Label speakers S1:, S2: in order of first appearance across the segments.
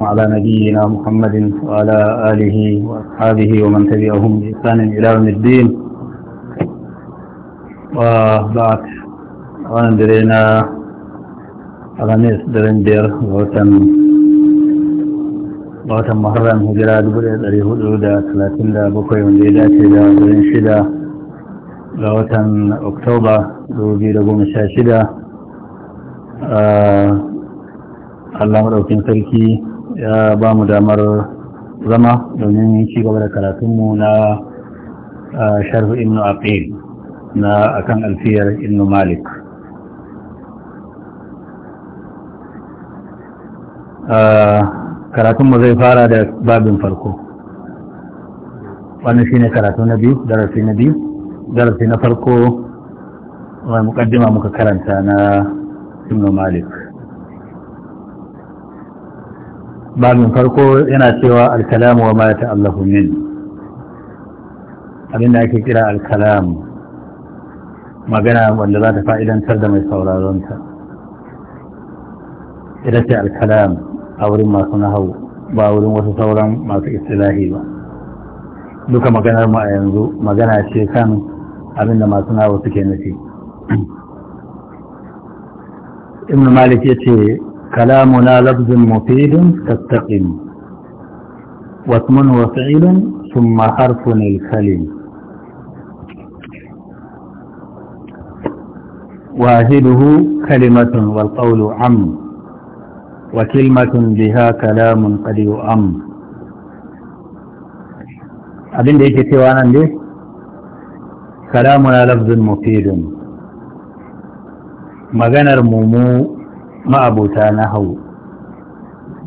S1: وعلى نبينا محمد وعلى آله وأصحابه ومن تبعهم بإحسان إلى يوم الدين وبعد أنا درينا أغنيس درين دير وتم ga watan muharram hijira من wanda ya درين da wurin أكتوبر دوبي watan oktoba 2016 allah maɗaukin sarki ya ba mu damar zama domin ci gaba da karatunmu na sharhu inu aqil na akan alfiyar inu malik karatunmu zai fara da babin farko wannan ne karatu na biyu darasi na biyu darasi na farko wani mukaddima muka karanta na inu malik babin farko yana cewa alkalamu wa ma allahu min da ake kira alkalamu magana wanda za ta fa'idantar da mai ta. ita ce alkalam a wurin masu nahau ba wurin wasu sauran masu istilahi ba duka maganar mu a yanzu magana ce kan da masu nahau suke nufi ibn malik ya ce كلامنا لفظ مفيد تستقم واسم وفعل ثم حرف الكلم واهده كلمة والقول عم وكلمة بها كلام قد يؤم أبين da yake cewa كلامنا لفظ مفيد lafzin mufidin ممو ma'abuta nahau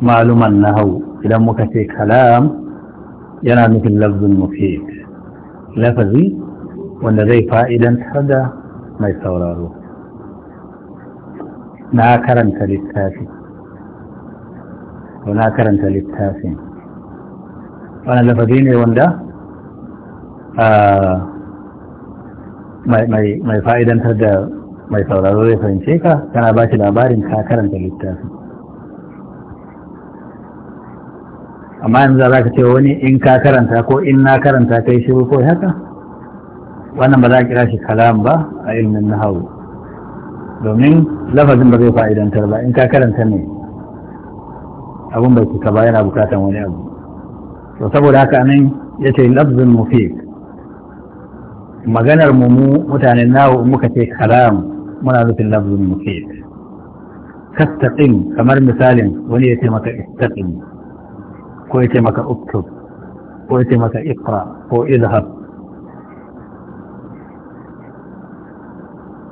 S1: maluman nahau idan muka ce kalam yana nufin lafzin mufid lafazi wanda zai fa'idantar da mai sauraro na karanta littafi na karanta littafin wani lafazi ne wanda mai fa'idantar da mai sauraro zai fahimce ka kana ba shi labarin ka karanta littafi amma yanzu za ka ce wani in ka karanta ko in na karanta kai shi ko haka wannan ba za a kira shi kalam ba a ilmin nahawu domin lafazin ba zai fa'idantar ba in ka karanta ne abun bai cika ba yana bukatan wani abu to saboda haka nan ya ce lafzin mufik maganar mu mutanen nawo muka ce kalam منادث اللفظ من مخيف كاستقم كمر مثال وليتمك استقم ويتمك اكتب ويتمك اقرا واذهب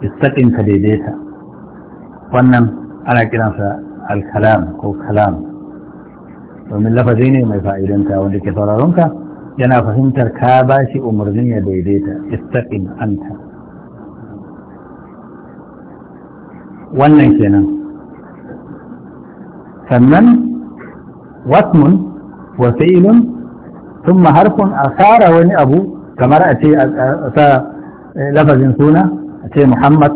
S1: استقم كديديتا فنن على كلامك الكلام او كلام ومن لفظين ما فائدنك وذكر ضررنك ينافهم تركابا شيء امرني يديديتا استقم انت wannan kenan sannan wasmun wa fi'ilun thumma harfun a tsara wani abu kamar a ce a sa lafazin suna a ce muhammad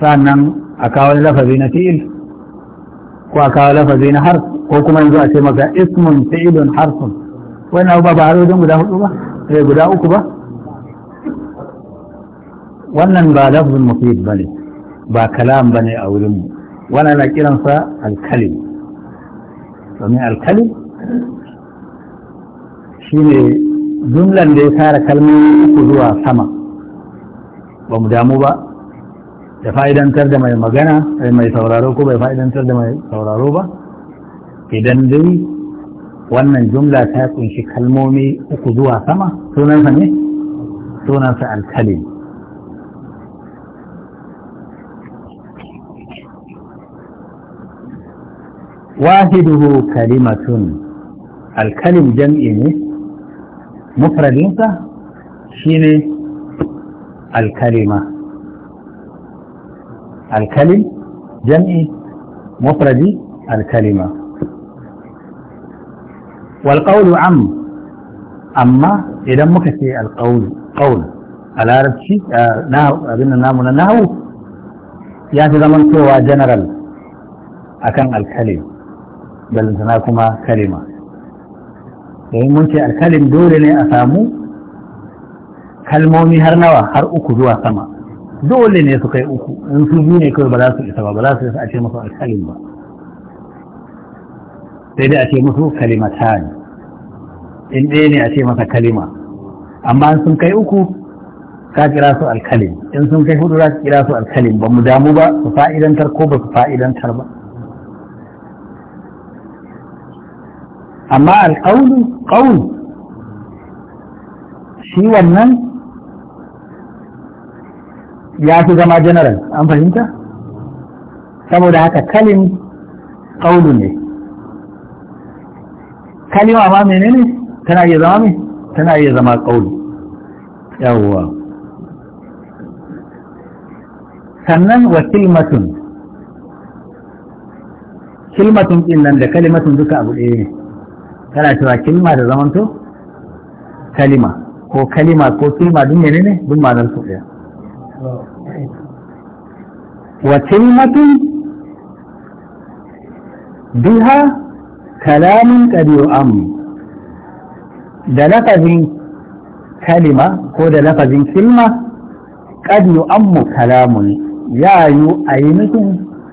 S1: sannan a kawo lafazi na fi'il ko a kawo lafazi na harf ko kuma yanzu a ce maka ismun fi'ilun harfun wani abu ba ba harfin guda hudu ba guda uku ba wannan ba lafzin mufid bane ba kalam bane a wurin mu wannan na kiransa alkali, domin alkalim shine jumlan da ya tara kalmomi uku zuwa sama ba mu damu ba da fa'idantar da mai magana mai sauraro ko bai fa'idantar da mai sauraro ba idan dai wannan jumla ta kunshi kalmomi uku zuwa sama sunansa ne sunansa alkali. wahiduhu tun, alkalim jam'i ne mufradinsa shine alkalima alkalim jam'i mufradi alkalima والقول عم أما إذا مكتي القول قول على ربشي نهو أبنى نامنا نهو يعني زمن جنرال أكن الكلم balantana kuma kalima yayin eh, mun ce alkalim dole ne a samu kalmomi har nawa har uku zuwa sama dole ne su kai uku in su biyu ne kawai ba za su isa ba ba za su isa a ce musu alkalin ba sai dai a ce musu kalimatan in ɗaya ne a ce masa kalima amma in sun kai uku ka kira su alkalin, in sun kai hudu za su kira su alkalin, ba mu damu ba su fa'idantar ko ba su fa'idantar ba أما القول قول شيء ومن يأتي كما جنرال أم فهمت كما دعاك كلم قول كلمة أمامي نيني تنعي زمامي تنعي زمام قول يا هو سنن وكلمة كلمة إلا لكلمة ذكاء إيه kana cewa kilma da zamanto kalima ko kalima ko kilma duk ne ne duk ma'anar su ɗaya wa kilmatun biha kalamin ƙadiyo amu, da lafazin kalima ko da lafazin kilma ƙadiyo amu kalamun ya yi a yi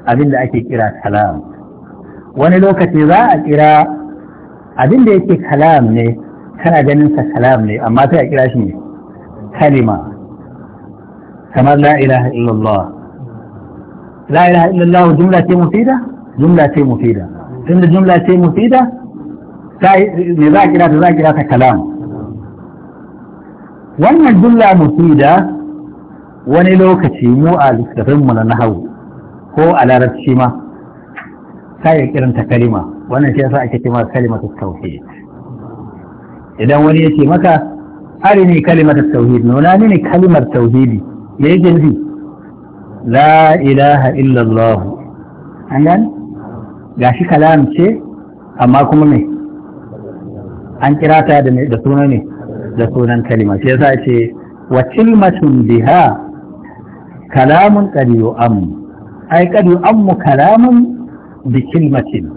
S1: abin da ake kira kalam wani lokaci za a kira abin da yake kalam ne kana ganin sa kalam ne amma sai a kira shi kalima kamar la ilaha illallah la ilaha illallah jumla ce mufida jumla ce mufida tunda jumla ce mufida me za kira ta za a kira ta kalam wannan jumla mufida wani lokaci mu a littafinmu na nahawu ko a larabci ma kai kiranta kalima wannan shi yasa ake cewa kalimatu tauhid idan wani yake maka arini kalimatu tauhid nuna ne kalimar tauhidi me yake nufi la ilaha Allah. an gani gashi kalam ce amma kuma me an kira ta da sunan ne da sunan kalima shi yasa ce wa kilmatun biha kalamun qad yu'am ay qad yu'am kalamun Bikin kilmatin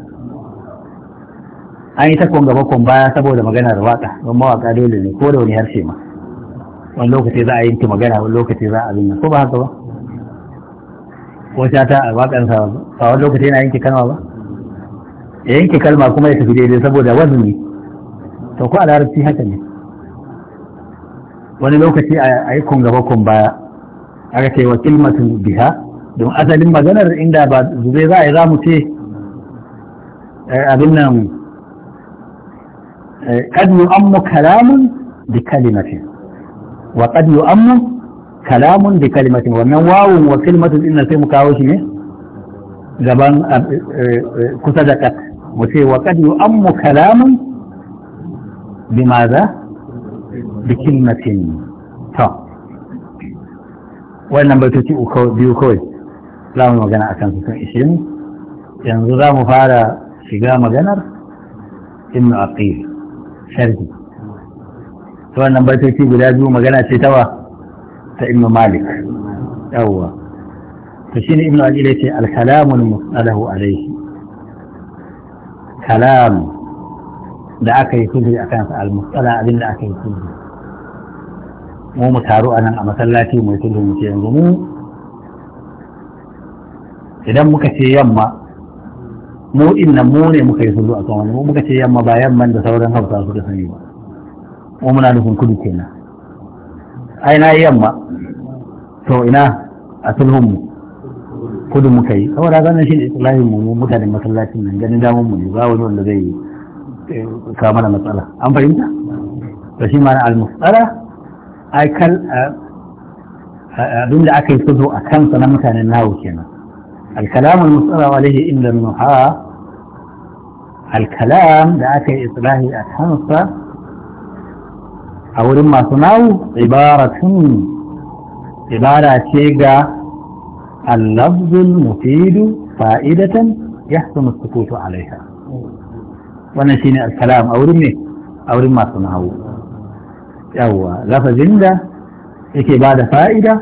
S1: an yi takon gaba kun baya saboda maganar waka don mawaka dole ne ko da wani harshe ma wani lokaci za a yanke magana wani lokaci za a binne ko ba haka ba ko shata a wakansa ba wani lokaci yana yanke kalma ba ya yanke kalma kuma ya tafi daidai saboda wazini to ko a larabci haka ne wani lokaci a yi kun gaba kun baya aka ce wa kilmatun biha don asalin maganar inda ba zube za a yi za mu ce Eh, abin nan kad eh, yu'ammu kalamun bi kalimatin wa kad yu'ammu kalamun bi kalimatin wannan wawun wa kalimatin din sai mu kawo shi ne gaban eh, kusa da kat mu ce wa kad yu'ammu kalamun bi maza bi kalimatin to wannan baitoci biyu kawai za mu magana a kan su kan ishirin yanzu za mu fara shiga maganar in a aqil sharhi to wannan baitoci guda biyu magana ce tawa ta ibn malik yawwa to shi shine ibn aqil ce al kalamu al musalahu alayhi kalam da aka yi kudi a kansa al musala abin da aka yi kudi mu mu taru a nan a masallaci mai tudu mu ce yanzu mu idan muka ce yamma mu inna mu ne muka yi sulhu akan wani mu muka ce yamma ba yamman da sauran hausa suka sani ba mu muna nufin kudu kenan ai na yamma to ina a sulhun mu kudu muka yi saboda ganin shi ne islahin mu mutanen masallacin nan ganin damun mu ne ba wani wanda zai yi eh, kawo mana matsala an fahimta to shi mana al mustara ai kal eh, eh, abinda aka yi sulhu a kansa na mutanen nawo kenan الكلام المسألة عليه إلا النحاة الكلام ذات إطلاه الحنصة أو لما تنو عبارة عبارة شيقة اللفظ المفيد فائدة يحسن السكوت عليها ونشين الكلام أو لما أو لما تنو أو لفظ عند إكبار فائدة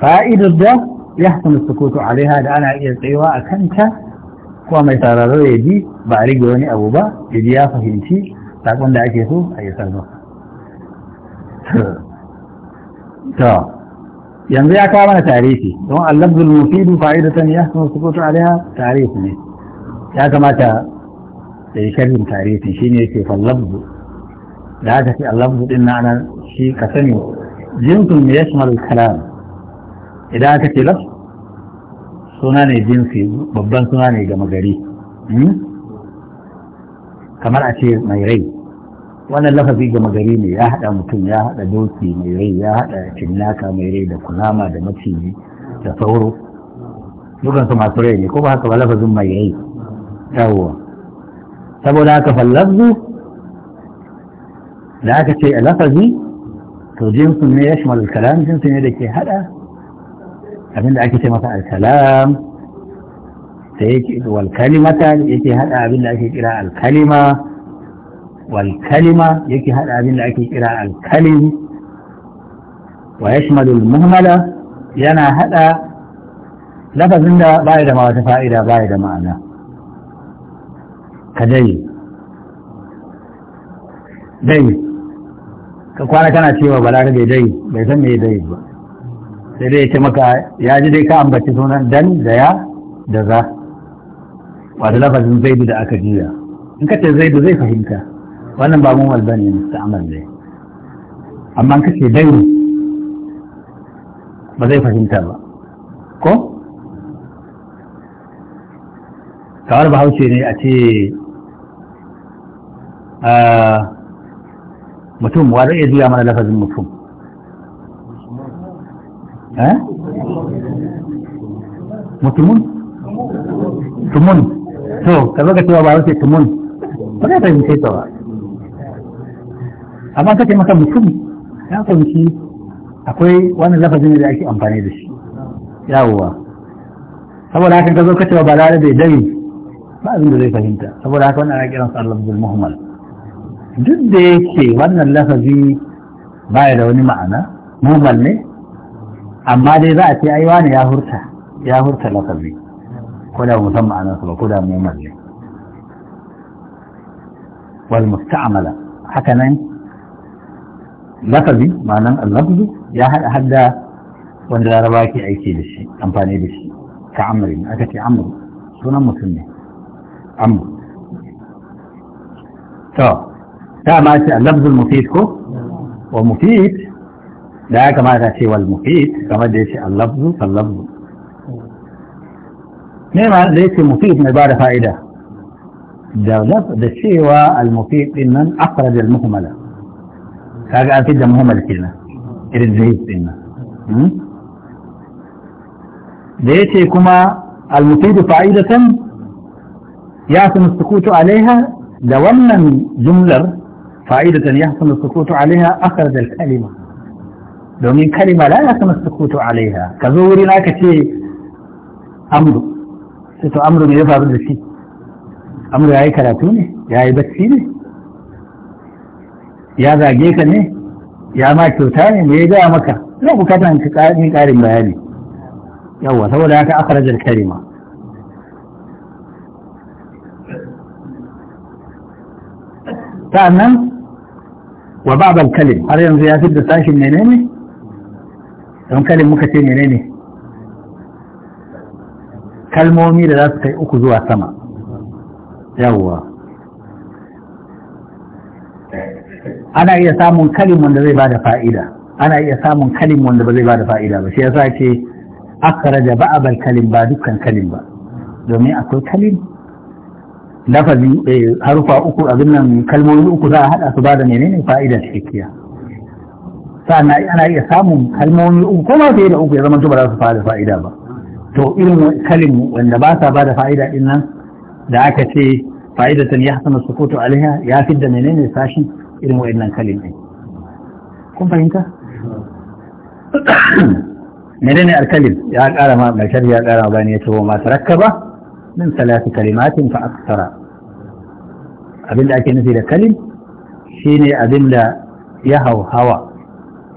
S1: فائدة ده يحسن السكوت عليها da ana iya tsayuwa a kanta kuma mai sauraro ya ji ba a rige wani abu ba ya ji ya fahimci sakon da ake so a yi sarrafa. to yanzu ya kawo mana tarihi don allabdul mufidu fa'idatan ya sun sukutu alaiha tarihi ne ya kamata da yi sharhin tarihi shine yake fallabdu da aka ce allabdu din na ana shi ka sani jinsun ya shimal kalam idan aka ce lafz suna ne jinsi babban suna ne gama gari hmm? kamar a ce mai rai wannan lafazi gama gari ne ya haɗa mutum ya haɗa doki mai rai ya haɗa cinnaka mai rai da kunama da maciji da sauro dukansu masu rai ne ko ba haka ba lafazin mai rai yawwa saboda haka fallazzu da aka ce a lafazi to jinsin ne ya shi kalam jinsin ne da ke haɗa أبن لك مثلا الكلام والكلمة يكي هذا أبن لك إلى الكلمة والكلمة يكي هذا أبن لك إلى الكلم ويشمل المهملة لأن هذا لفظ لنا بعد ما وتفائد بعد ما أنا كدي دي كقوانا كانت شيوة بلا رجي دي بيسمي دي بقى. sai dai ce maka ya ji dai ka ambaci sunan dan da ya da za wata lafazin zaidu da aka juya in ka ce zaidu zai fahimta wannan ba mumal bane amal ne amma in ka ce ne. ba zai fahimta ba ko kawar bahaushe ne a ce ah, mutum wa zai iya juya mana lafazin mutum Eh? mutumun tumun to kaza ka cewa ba wace tumun ba ta fahimce ta ba amma ka ce maka mutum ya fahimci akwai wani lafazin da ake amfani da shi yawowa saboda haka ka zo ka cewa ba lare bai dare ba abin da zai fahimta saboda haka wannan ana kiransa Allah lafzul Muhammad duk da yake wannan lafazi ya da wani ma'ana Muhammad ne أما دي يا أيوان يا هرتا يا هرتا لقبي كلا مسمى أنا أصبه كلا ممل والمستعملة حكمين نعم. لقبي معنى اللقب يا حدا وندر رباكي أيكي بشي أمباني بشي كعمري أكتي عمري شو نمو سنة عمري تو تا ماشي اللفظ المفيد كو ومفيد da ya kamata ce wal mufid kamar da ya ce allabzu fallabzu ne ma da ya ce mufid mai ba da fa'ida da cewa al-mufid din nan akwara da al-muhammala kaga an fidda muhammala kenan irin zai din nan da ya ce kuma al-mufidu fa'idatan ya sunu sukutu alaiha da wannan jumlar fa'idatan ya sunu sukutu alaiha akwara da al-kalima domin kalima la ya sama a alaiha ka zo wuri na ka ce amru sai to amru ne ya faru da shi amru ya yi karatu ne ya yi bacci ne ya zage ka ne ya ma kyauta ne me ya gaya maka ina bukatan ka ƙarin ƙarin bayani yawwa saboda haka akhrajar kalima sa'annan wa ba'd al-kalim har yanzu ya fi da sashin menene don kalin muka ce menene kalmomi da za su kai uku zuwa sama yawwa ana iya samun kalin wanda zai bada fa'ida ana iya samun kalin wanda ba zai bada fa'ida ba shi ya yasa ce akhraja ba'abal kalin ba dukkan kalin ba domin akwai kalim lafazi eh, harufa uku abin nan kalmomi uku za a hada su bada menene fa'ida cikakkiya sannan ana iya samun kalmomi uku ko ma fiye da uku ya zama ba za su fara fa'ida ba to irin kalin wanda ba sa ba da fa'ida din nan da aka ce fa'idatan ya hasana sukutu alaiha ya fi da menene sashin irin wa'annan kalin din kun fahimta menene alkalin ya kara ma bashar ya kara ba ne ya ce wa ma tarakkaba min salati kalimatin fa aksara abinda ake nufi da kalim shine abinda ya hauhawa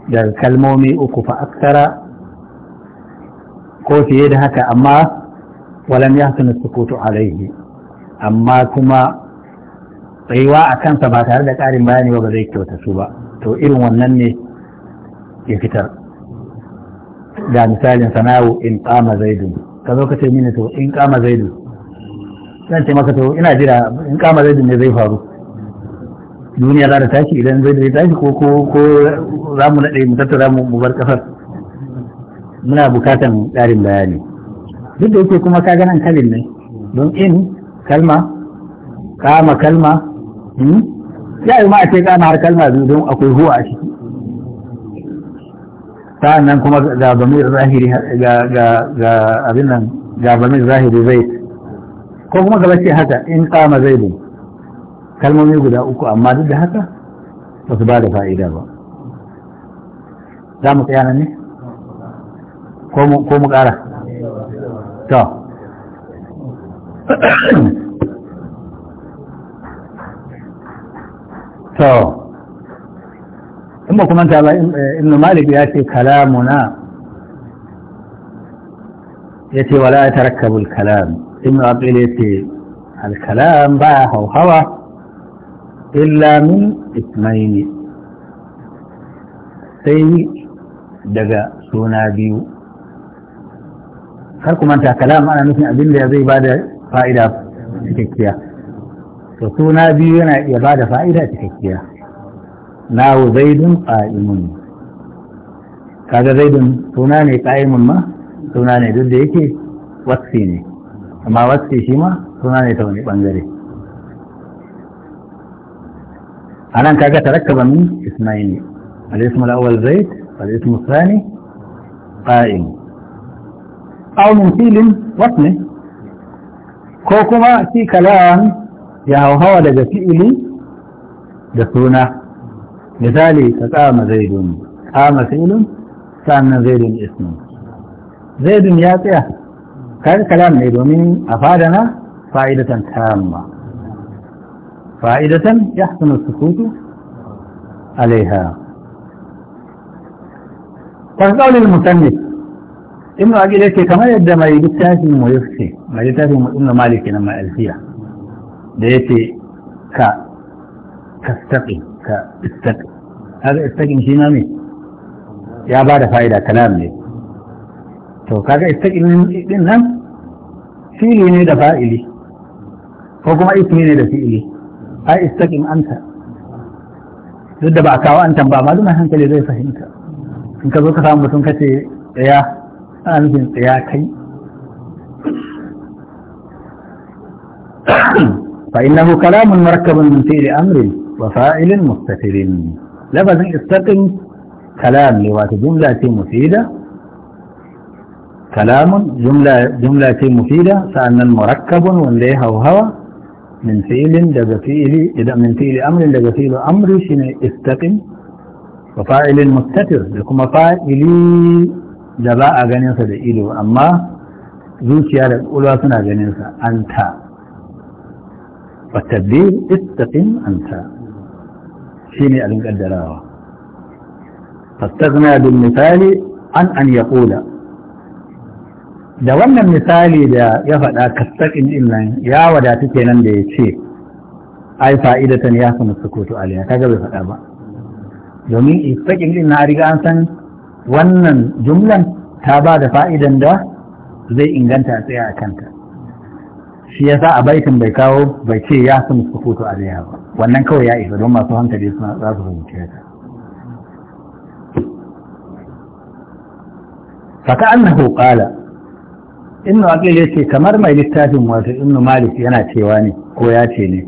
S1: daga kalmomi uku fa aktara ko fiye da haka amma walam ya suna sukutu alaihi amma kuma tsayuwa a kansa ba tare da ƙarin bayani ba ba zai kyauta su ba to irin wannan ne ya fitar ga misalin sana'u in kama zaidu ka zo ka ce mini to in ƙama zaidu zan ce maka to ina jira in kama zaidu ne zai faru duniya za ta tashi idan zai da tashi ko ko za mu naɗe mu tattara mu bar kafar muna bukatan ƙarin bayani duk da yake kuma ka ganan kalin ne don in kalma kama kalma hmm? ya yi ma a ce kama har kalma biyu don akwai huwa a ciki sa'an nan kuma ga bamir zahiri ga abin nan ga bamir zahiri zai ko kuma gaba ce haka in kama zai bin kalmomi guda uku amma duk da haka ba su ba da fa'ida ba za mu tsaya ne
S2: ko mu ƙara
S1: to to in ba kuma ba ibn malik ya ce kalamuna ya ce wala ya tarakkabul kalam ibn abdul ya ce alkalam ba hauhawa illa min ismaini sai daga suna biyu har kuma ta kalam ana nufin abin da zai ba da fa'ida cikakkiya to suna biyu yana iya ba da fa'ida cikakkiya na zaidun ƙa'imun kaga zaidun suna ne ƙa'imun ma suna ne duk da yake wasfi ne amma wasfi shi ma suna ne ta wani ɓangare anan kaga tarakkaba min ismaili al-ism al-awwal zaid wal-ism ath-thani qa'im filin wasmi ko kuma fi kalam ya hawa daga fi'ili da suna misali ka kama zaidun kama fi'ilun sannan zaidun ismin zaidun ya tsaya kaga kalam ne domin a fadana fa'idatan tamma فائدة يحسن السكوت عليها فقال طيب، المتنف إنه أجي لك كما يدى ما يجتاه ما يفتي ما يجتاه إنه مالك لما ألفية ديك ك كاستقي كاستقي هذا استقي مش نامي يا بعد فائدة كلام لي تو كاك استقي من إذن نام فيلي نيدا فائلي فوقما إثنين نيدا ai istaqim anta duk da ba kawo an tamba ma zuma hankali zai fahimta in ka zo ka samu mutum kace tsaya ana nufin tsaya kai fa innahu kalamun min فإنه كلام مركب من فعل أمر وفاعل مستتر لفظ استقم كلام لوات جملة مفيدة jumla جملة جملة مفيدة فأن المركب واللي هو hawa من فيل لذا إذا من فيل أمر لذا أمر شنو استقم وفاعل مستتر لكم فاعل جباء غنيسة إلو أما زوشي على الأولوثنا غنيسة أنت والتبديل استقم أنت شيني ألنك الدراوة فاستغنى بالمثال عن أن يقول da wannan misali da ya faɗa kastakin illan ya wadatu nan da ya ce ai fa'idatan ya samu sukutu aliyar ta bai faɗa ba domin istakin din na riga an san wannan jumlan ta ba da fa'idan da zai inganta a tsaye a kanta shi ya sa a baitin bai kawo bai ce ya samu sukutu aliyar ba wannan kawai ya isa don masu hankali suna za su fahimci ta faka annahu qala ibn ya ce kamar mai littafin wato ibn malik yana cewa ne ko ya ce ne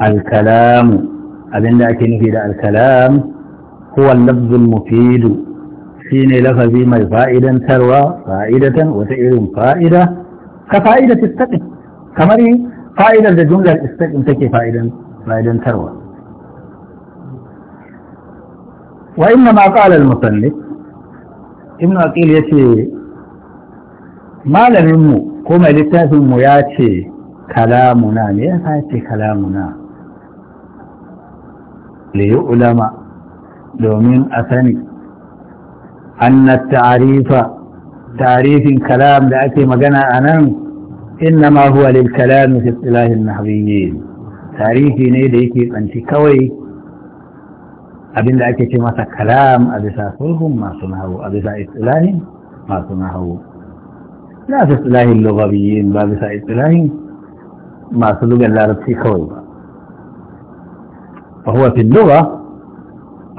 S1: Alkalamu abinda ake nufi da alkalam kalam huwa al-lafz al shine lafazi mai fa'idan tarwa fa'idatan wata irin fa'ida ka fa'idatu istaqim kamar fa'idar da jumlar istaqim take fa'idan fa'idan tarwa wa inna ma qala al-musannif ibn aqil yace malaminmu ko littafinmu ya ce kalamuna ne ya sa ce kalamuna yi ulama domin a sani annar ta'arifa ta'arifin kalam da ake magana a nan innama huwa lil kalami fi istilahin nahwiyyin tarihi ne da yake tsanci kawai abinda ake ce masa kalam a bisa sulhun masu nahawu a bisa istilahin masu nahawu لا في اصطلاح اللغويين ما في صحيح اصطلاح ما سلوك الله رب سيخوي فهو في اللغة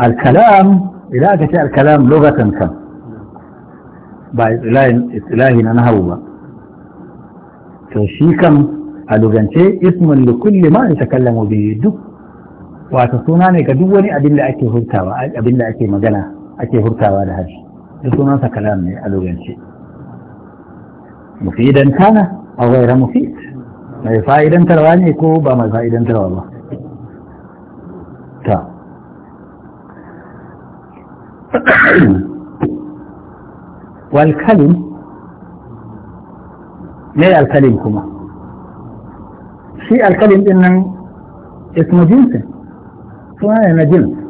S1: الكلام إلا كتاء الكلام لغة كم بعد اصطلاح انا هو توشيكم الوغن شيء اسم لكل ما يتكلم به دو واتصوناني كدواني أدل أكي هرتاوى أدل أكي مجنى أكي هرتاوى لهج يسونا سكلامي الوغن شيء مفيدا كان او غير مفيد ما فائدا تلواني كو ما فائدا ترى والله والكلم ليه الكلم كما في الكلم ان اسمه جنس فهو جنس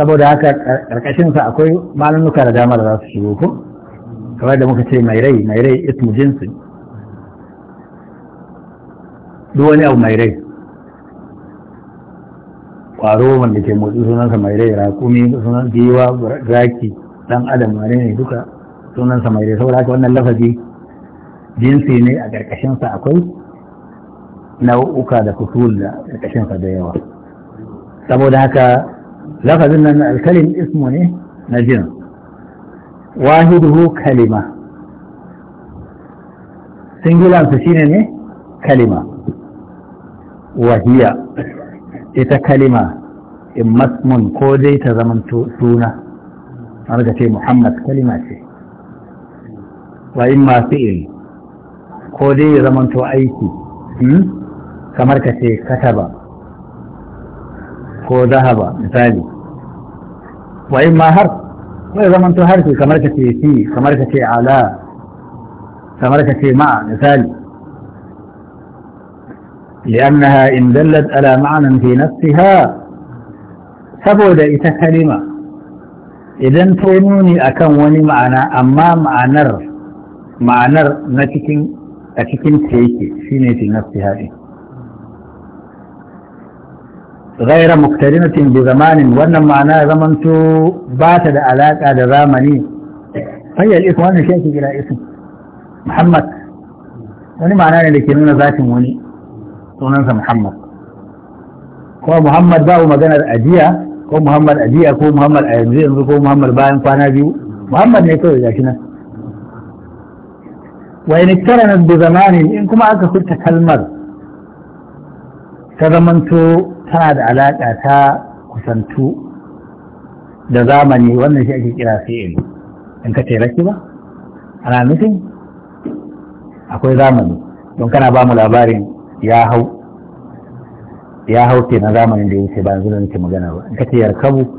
S1: saboda haka karkashinsa akwai malamuka da dama da za su shigo ko kamar da muka ce mai rai mai rai ismu jinsi duk wani abu mai rai kwaro wanda ke motsi sunansa mai rai rakumi sunan giwa zaki dan adam wane ne duka sunansa mai rai saboda haka wannan lafazi jinsi ne a karkashinsa akwai nau'uka da kusur da karkashinsa da yawa saboda haka لفظ ان الكلم اسم ne na jin wahiduhu kalima singular su shine ne kalima wahiya ita kalima in masmun ko dai ta zaman suna an ce muhammad kalima ce wa in ma fi'il ko dai ya zaman to aiki kamar ka ce kataba ko ذهب misali و in ما har wai zaman to harfi kamar ka ce fi kamar ka ce ala kamar ka لأنها إن دلت على معنى في نفسها سبود إتا كلمة إذا تونوني أكن معنى أما معنى معنى نتكين أتكين سيكي في نفسها إيه. غير مقترنة بزمان وانا معنى زمن بات علاقة زمني فهي الإخوان الشيخ إلى اسم محمد وني يعني معنى لكي من ذات موني وننسى محمد هو محمد باو مدنة أجية هو محمد أجية هو محمد أجية هو محمد باين فانا بيو محمد نيكو إذا وإن اكترنت بزمان إنكم أكا كنت كلمر كذا من tana da alaƙa ta kusantu da zamani wannan shi ake kira fi'il in ka taimaki ba ana nufin akwai zamani don kana ba mu labarin ya hau ya hau na zamanin da ya wuce ba yanzu da nake magana ba in ka ce yarkabu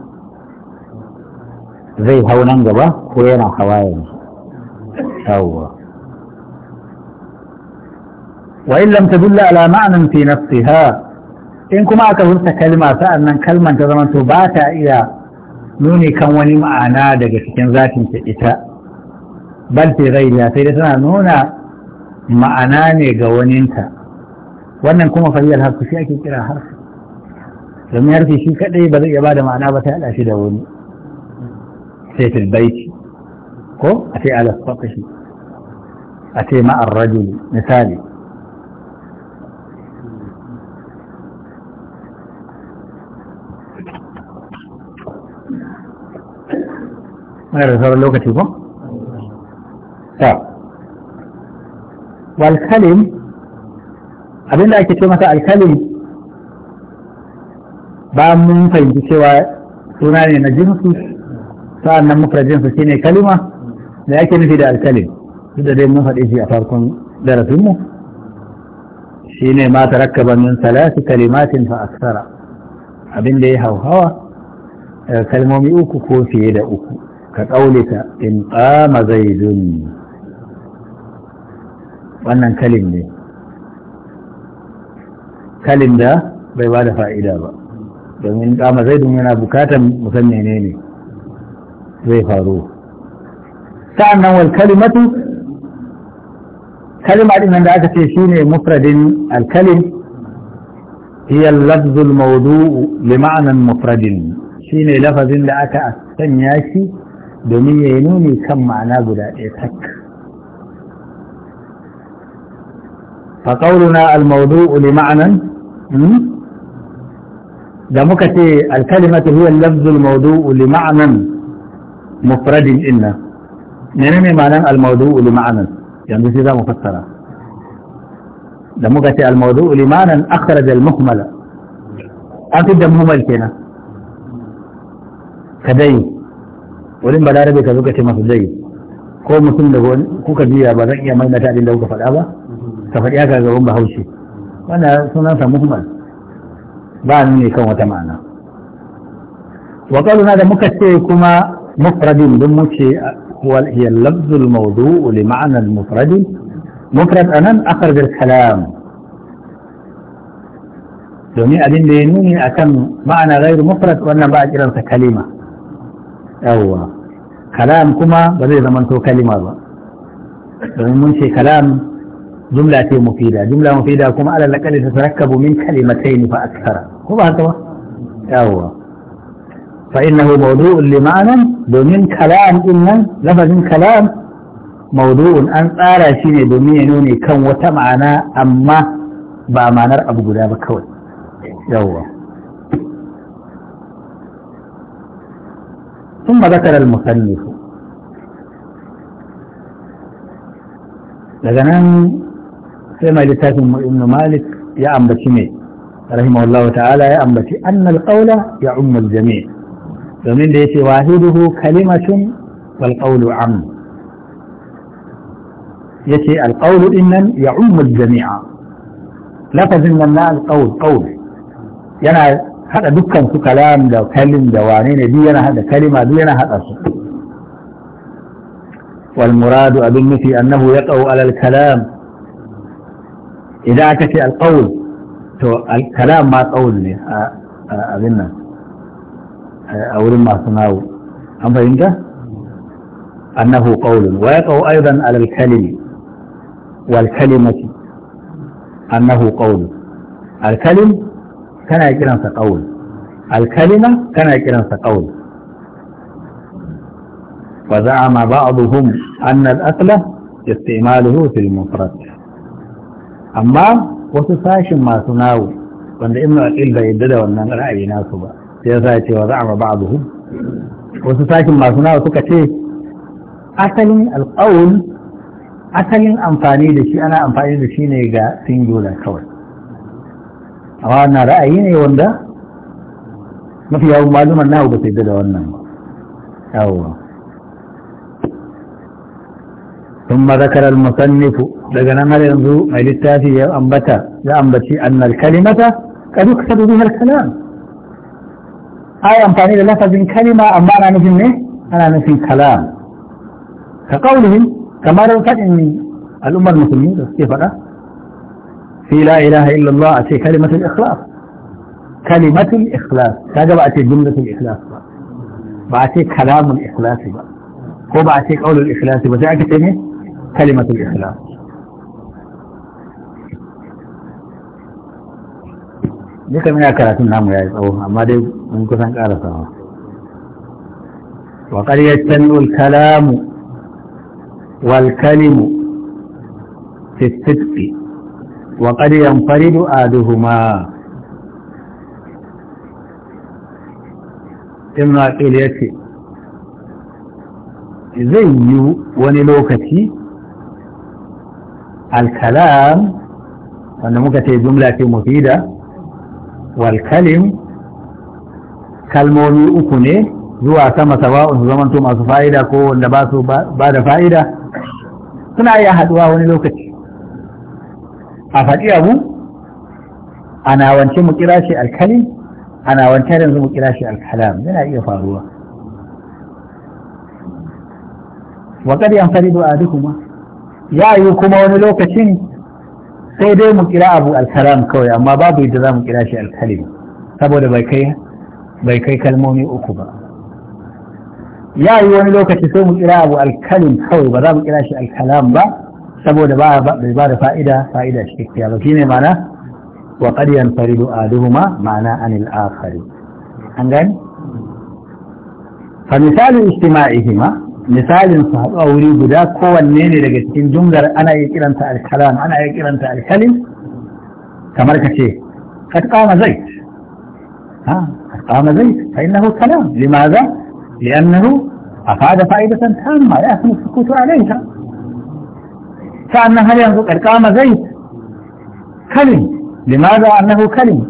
S1: zai hau nan gaba ko yana hawa yanzu yawwa wa in lam tadulla ala ma'anan fi nafsiha in kuma aka furta kalma nan kalman ta zama to ba ta iya nuni kan wani ma'ana daga cikin zatin ta ita bal fi sai dai tana nuna ma'ana ne ga waninta wannan kuma fa'ilal harfi shi ake kira harfi domin harfi shi kadai ba zai iya bada ma'ana ba ta hada shi da wani sai fil ko a ce ala faqashi a ce ma'ar rajuli misali muna da sauran lokaci ko? ta abinda ake ce masa alkalim ba mun fahimci cewa suna ne na jinsu sa'an nan mufrajinsu shi ne kalima da ake nufi da alkalin? duk da dai mun faɗi shi a farkon darasinmu shi ne ma tarakkaba min salasi kalimatin fa aksara da ya hauhawa eh, kalmomi uku ko fiye da uku كقولك إن قام زيد وأن كلم لي كلم ده بيوالة فائدة إن قام زيد من أبوكات مسمينين زي فاروق سعنا والكلمة كلمة إن لمن دعاك تشيني مفرد الكلم هي اللفظ الموضوع لمعنى مفرد شين لفظ لأك أستنياشي domin ya yi nuni kan ma'ana guda ɗaya tak fa qawluna al-mawdu'u li ma'anan da muka ce al-kalimatu huwa al-lafzu al-mawdu'u li ma'anan mufradin inna menene ma'anan al-mawdu'u li ma'anan yanzu sai za mu fassara da muka ce al-mawdu'u li ma'anan akhraj al-muhmala an fi da muhmal kenan kadai wurin balarabe ka zo ka ce masu zai ko mutum da kuka biya ba zan iya maimaita abin da kuka faɗa ba ka faɗi haka gaban bahaushe wannan sunan sa muhammad ba ni ne kan wata ma'ana wa na da muka ce kuma mufradin dun muke huwa hiya lafzul mawdu'u li ma'ana al mufradi mufrad anan akhraj al kalam domin abin da ya nuni akan ma'ana ghairu mufrad wannan ba a kiransa kalima yawwa kalam kuma ba zai zama to kalima ba domin mun ce kalam jumla ce mufida jumla mufida kuma ala laqali tatarakkabu min kalimatayn fa aksara ko ba haka ba yawwa fa innahu mawdu'un li ma'anan domin kalam din nan lafazin kalam mawdu'un an tsara shi ne domin ya nune kan wata ma'ana amma ba ma'anar abu guda ba kawai yawwa ثم ذكر المصنف لذنان فيما لساته ابن مالك يا أمبتي مي رحمه الله تعالى يا أمبتي أن القول يعم الجميع فمن ليس واحده كلمة والقول عم يتي القول إن يعم الجميع لفظ من الله القول قول ينال يعني hada dukkan su kalam da kalim da wane ne duk yana hada kalima duk yana hada su wal muradu abin nufi annahu yaqau ala al kalam idan aka ce al qawl to al kalam ma qawl ne a abin nan a wurin masu nawo an fahimta annahu qawlun wa yaqau aidan ala al kalimi wal kalimati annahu qawlun al kalim kana kiransa ƙaul alkalina kana kiransa ƙaul wa za'ama ba'dhum anna al-asla istimaluhu fil mufrad amma wasu sashin masu nawo wanda ibn al-aqil yadda da wannan ra'ayi nasu ba sai za a ce ba za a ma ba a buhun wasu sashin masu nawo suka ce asalin al asalin amfani da shi ana amfani da shi ne ga singular kawai a wannan ra'ayi ne wanda mafi yawon maluman na ba su yi da wannan yawon sun mazakar al-musannifu daga nan har yanzu mai littafi ya ambata ya ambaci annal kalimata kadu ka sadu zuwar kalam ai amfani da lafazin kalima amma ana nufin ne ana nufin kalam ka kaunihin kamar faɗin al'ummar musulmi da suke faɗa في لا إله إلا الله أتي كلمة الإخلاص كلمة الإخلاص هذا بأتي جملة الإخلاص بأتي كلام الإخلاص هو بأتي قول الإخلاص بأتي كلمة كلمة الإخلاص duka من karatun namu يا أبو tsawo amma dai mun kusan karasawa wa ƙaryatan والكلم في الصدق wa qad yanfaridu aduhuma ibn aqil yace zai yi wani lokaci al wanda muka ce jumla ce mufida wal kalmomi uku ne zuwa sama sawa'un su zamanto masu fa'ida ko wanda ba su fa'ida suna iya haɗuwa wani lokaci a faɗi abu a nawance mu kira shi alkali a nawance yanzu mu kira shi alkalam yana iya faruwa wa kad yanfaridu ahaduhuma ya yi kuma wani lokacin sai dai mu kira abu alkalam kawai amma babu yadda za mu kira shi alkalim saboda bai kai bai kai kalmomi uku ba ya yi wani lokaci sai mu kira abu alkalim kawai ba za mu kira shi alkalam ba saboda ba bai ba da fa'ida fa'ida shi cikakkiya ba shine ma'ana wa qad yanfaridu aduhuma ma'ana anil akhari an gani fa misalin istima'ihima misalin su haɗu wuri guda kowanne ne daga cikin jumlar ana iya kiranta alkalam ana iya kiranta alkalim kamar ka ce kad qama zait ha kad zai fa innahu kalam limaza li annahu afada fa'idatan tamma ya yahmu sukutu alayha sa'an هل har إرقام ƙarƙama كلم لماذا أنه كلم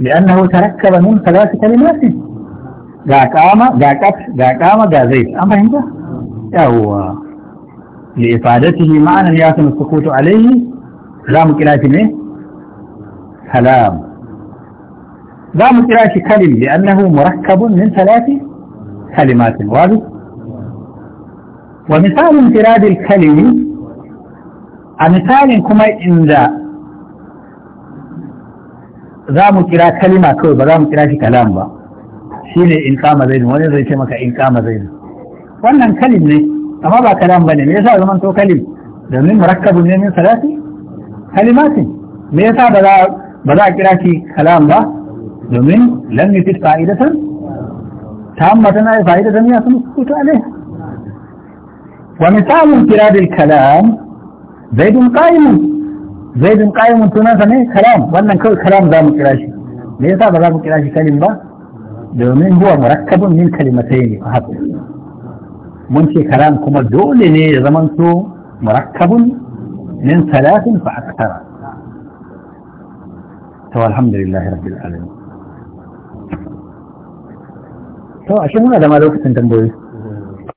S1: لأنه تركب من ثلاث كلمات ذا قام ذا قفش ذا قام ذا زيت أما هنجا هو لإفادته معنى ياتم السكوت عليه لام كلاش ميه سلام لام كلاتي كلم لأنه مركب من ثلاث كلمات واضح ومثال انفراد الكلم a misalin kuma inda za mu kira kalima kawai ba za mu kira shi kalam ba shi ne in kama zai wani zai ce maka in kama zai wannan kalim ne amma ba kalam ba ne me yasa zaman to kalim domin murakkabun ne min salati kalimatin me yasa ba za a kira shi kalam ba domin lam fit fa'idatan tammatan ay fa'idatan ya sun kuta ne wa kira bil kalam زيد قائم زيد قائم تنازني كلام ولا كل كلام ذا مكراشي ليس هذا مكراشي كلمة دومين هو مركب من كلمتين فقط منشي كلام كما دول ني زمن سو مركب من ثلاث فأكثر سوى الحمد لله رب العالمين سوى عشان هنا ما لوكت انت مبويس